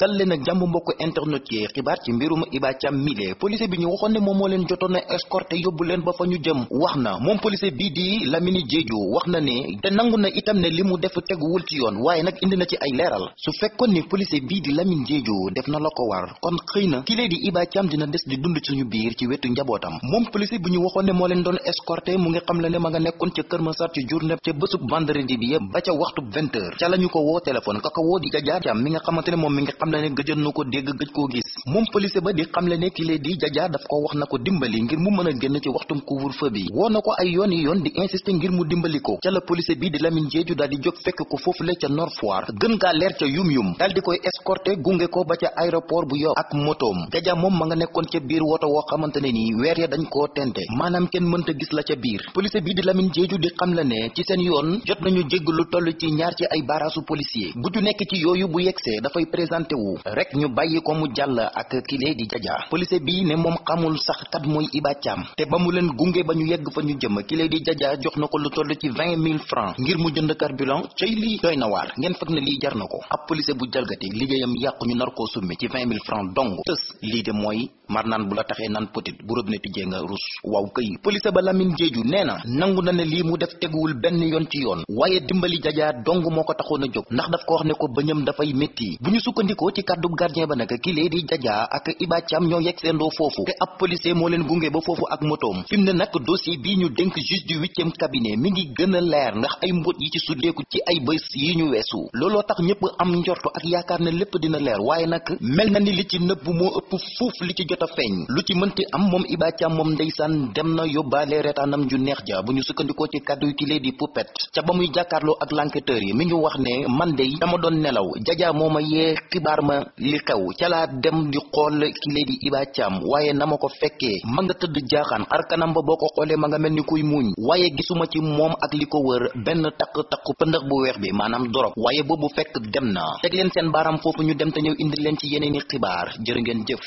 dal leen ak jàmm mbokk internet yi xibaar ci mbirum Hiba Thiam mile police bi ñu waxoon ne moom moo leen jotoon a escorté yóbbu leen ba fa ñu jëm wax na moom police na ne te li mu def teguwul ci yoon waaye nag indi na ci ay na la ko war na kii di Hiba Thiam dina des di dund ci bi ñu waxoon ne moo leen doon escorté mu ngi xam le ne ma nga nekkoon ca Kër Massar ci journée ca bésub vendredi bi yëpp ba ca waxtu 20 ca la ko woo téléphone ka ko woo di Hiba Thiam mi nga xamante moom mi ngi xam xam le ne gëjoon na ko dégg gëj koo gis moom policier ba di xam le ne kile di jaja daf ko wax na ko dimbali ngir mu mën a génn ci waxtum couvre-feu bi woo ko ay yoon yi yoon di insister ngir mu dimbali ko ca la policier bi di Lamine Diédhiou daal koy escorter gunge ko ba ca aéroport bu Yoff ak motoom jaja moom ma nga nekkoon ca biir woto woo xamante ne nii weer ya dañ koo tente maanaam kenn mënta gis la ca biir policier bi di Lamine Diédhiou di xam le ne ci yeewu rek ñu bàyyi ko mu jàll ak kile di jaja polise bi ne moom xamul sax kat mooy Iba Thiam te ba mu leen gunge ba ñu yegg fa ñu jëm kile di jaja jox na ko lu toll ci vingt mille francs ngir mu jënd carburant cay lii doy na waar ngeen fekk na lii jar na ko ab polise bu jalgati liggéeyam yàqu ñu nar koo summi ci vingt mille francs dong tës lii de mooy mar naan bu la taxee naan petit bu robinet tijjee nga rus waaw këy polise ba Lamine Jeeju nee na nangu na ne lii mu def teguwul benn yoon ci yoon waaye dimbali jaja dong moo ko taxoon a jóg ndax daf ko wax ne ko bëñam dafay métti bu ñu ko ci kàddub gardien ba nag ki lee di jajaa ak Iba Thiam ñoo yegg seendoo foofu te ab policier moo leen gunge ba foofu ak motoom fi ne nag dossier bii ñu dénk juge du huitième cabinet mi ngi gën a leer ndax ay mbóot yi ci suddeeku ci ay bés yi ñu weesu looloo tax ñëpp am njortu ak yaakaar ne lépp dina leer waaye nag mel na ni li ci nëbb moo ëpp fuuf li ci jot a feeñ lu ci mënti am moom Iba Thiam moom ndeysaan dem na yóbbaale retaanam ju neex ja bu ñu sukkandikoo ci kàddu ki lee di poupette ca ba muy jàkkaarloo ak yi mi ngi wax ne man xabaar ma li xew ca laa dem di xool kile di Iba Thiam waaye na ma ko fekkee ma nga tëdd jaaxaan xar kanam ba boo ko xoolee ma nga mel ni kuy muuñ waaye gisuma ci moom ak li ko wër benn takk-takku pëndëx bu weex bi maanaam dorog waaye boobu fekk dem naa teg leen seen baaram foofu ñu dem te ñëw indi leen ci yeneen xibaar jër ngeen jëf